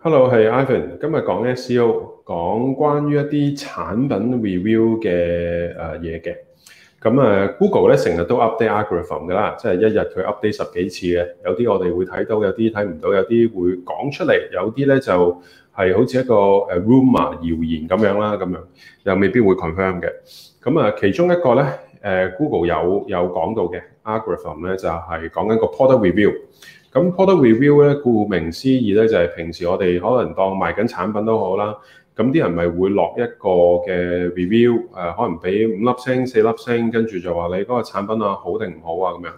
Hello，係 Ivan，今日講 SEO，講關於一啲產品 review 嘅誒嘢嘅，咁、嗯、誒 Google 咧成日都 update algorithm 噶啦，即係一日佢 update 十幾次嘅，有啲我哋會睇到，有啲睇唔到，有啲會講出嚟，有啲咧就係好似一個誒 rumor 謠言咁樣啦，咁樣又未必會 confirm 嘅，咁、嗯、啊其中一個咧。誒 Google 有有講到嘅 Algorithm 咧，就係、是、講緊個 Product Review。咁 Product Review 咧，顧名思義咧，就係、是、平時我哋可能當賣緊產品都好啦。咁啲人咪會落一個嘅 Review，誒可能俾五粒星、四粒星，跟住就話你嗰個產品啊好定唔好啊咁樣。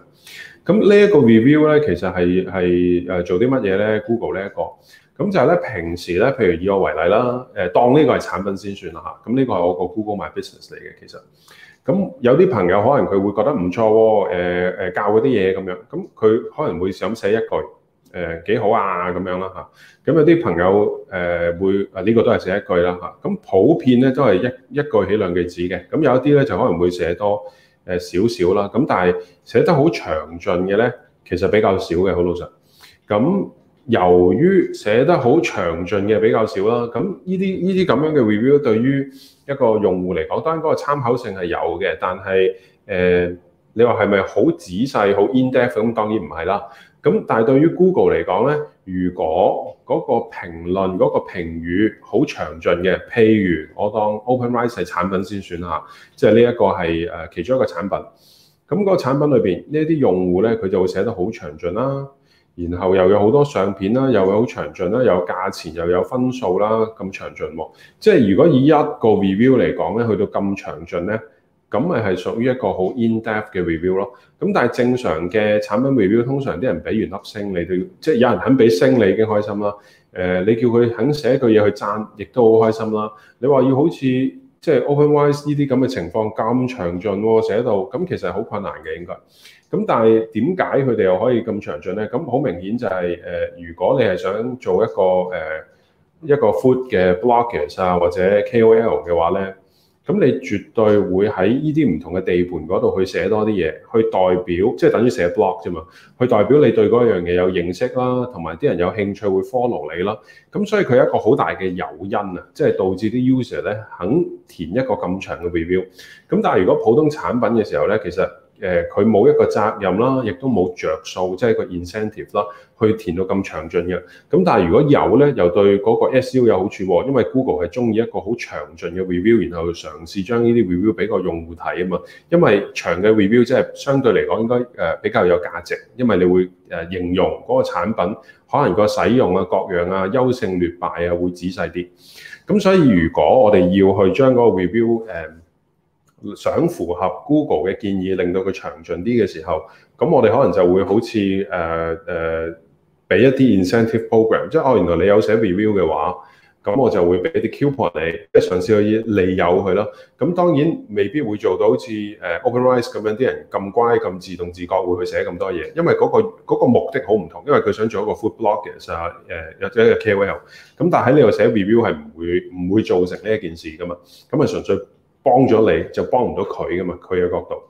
咁呢一個 Review 咧，其實係係誒做啲乜嘢咧？Google 呢、這、一個，咁就係咧平時咧，譬如以我為例啦，誒當呢個係產品先算啦嚇。咁呢個係我個 Google My Business 嚟嘅，其實。咁有啲朋友可能佢會覺得唔錯喎、哦，誒、呃、教嗰啲嘢咁樣，咁佢可能會想寫一句，誒、呃、幾好啊咁樣啦嚇。咁、啊、有啲朋友誒、呃、會啊呢、呢個都係寫一句啦嚇。咁、啊、普遍咧都係一一句起兩句止嘅，咁有一啲咧就可能會寫多誒、呃、少少啦。咁、啊、但係寫得好詳盡嘅咧，其實比較少嘅，好老實。咁由於寫得好詳盡嘅比較少啦，咁呢啲呢啲咁樣嘅 review 對於一個用戶嚟講，當然嗰個參考性係有嘅，但係誒、呃，你話係咪好仔細、好 in-depth 咁？當然唔係啦。咁但係對於 Google 嚟講咧，如果嗰個評論、嗰、嗰個評語好詳盡嘅，譬如我當 OpenRice 係產品先算啦，即係呢一個係誒其中一個產品。咁嗰個產品裏邊呢一啲用戶咧，佢就會寫得好詳盡啦。然後又有好多相片啦，又有好詳盡啦，有價錢，又有分數啦，咁詳盡喎。即係如果以一個 review 嚟講咧，去到咁詳盡咧，咁咪係屬於一個好 in-depth 嘅 review 咯。咁但係正常嘅產品 review，通常啲人俾完粒星，你都即係有人肯俾星，你已經開心啦。誒，你叫佢肯寫句嘢去讚，亦都好開心啦。你話要好似～即係 OpenWise 呢啲咁嘅情況咁詳盡，寫到咁其實好困難嘅應該。咁但係點解佢哋又可以咁詳盡咧？咁好明顯就係、是、誒、呃，如果你係想做一個誒、呃、一個 food 嘅 blockers 啊，或者 KOL 嘅話咧。咁你絕對會喺呢啲唔同嘅地盤嗰度去寫多啲嘢，去代表即係、就是、等於寫 blog 啫嘛，去代表你對嗰樣嘢有認識啦，同埋啲人有興趣會 follow 你啦。咁所以佢有一個好大嘅誘因啊，即、就、係、是、導致啲 user 呢肯填一個咁長嘅 review。咁但係如果普通產品嘅時候呢，其實誒佢冇一個責任啦，亦都冇着數，即係一個 incentive 啦，去填到咁詳盡嘅。咁但係如果有呢，又對嗰個 SEO 有好處喎，因為 Google 係中意一個好詳盡嘅 review，然後嘗試將呢啲 review 俾個用戶睇啊嘛。因為長嘅 review 即係相對嚟講應該誒比較有價值，因為你會誒形容嗰個產品，可能個使用啊各樣啊優勝劣敗啊會仔細啲。咁所以如果我哋要去將嗰個 review 誒、呃，想符合 Google 嘅建議，令到佢詳盡啲嘅時候，咁我哋可能就會好似誒誒俾一啲 incentive program，即係哦原來你有寫 review 嘅話，咁我就會俾一啲 coupon 你，即係嘗試去以利誘佢咯。咁當然未必會做到好似誒 OpenRice 咁樣啲人咁乖咁自動自覺會去寫咁多嘢，因為嗰、嗰個嗰個目的好唔同，因為佢想做一個 food bloggers 啊誒，或者係 KOL。咁但喺你度寫 review 係唔會唔會造成呢一件事噶嘛？咁啊純粹。幫咗你就幫唔到佢㗎嘛，佢嘅角度。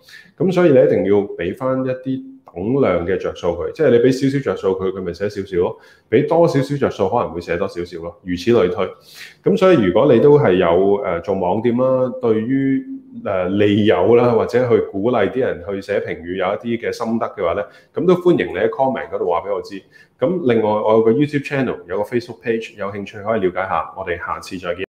咁所以你一定要俾翻一啲等量嘅着數佢，即係你俾少少着數佢，佢咪寫少少咯。俾多少少着數可能會寫多少少咯，如此類推。咁所以如果你都係有誒、呃、做網店啦，對於誒、呃、利誘啦或者去鼓勵啲人去寫評語，有一啲嘅心得嘅話咧，咁都歡迎你喺 comment 嗰度話俾我知。咁另外我有個 YouTube channel，有個 Facebook page，有興趣可以了解下。我哋下次再見。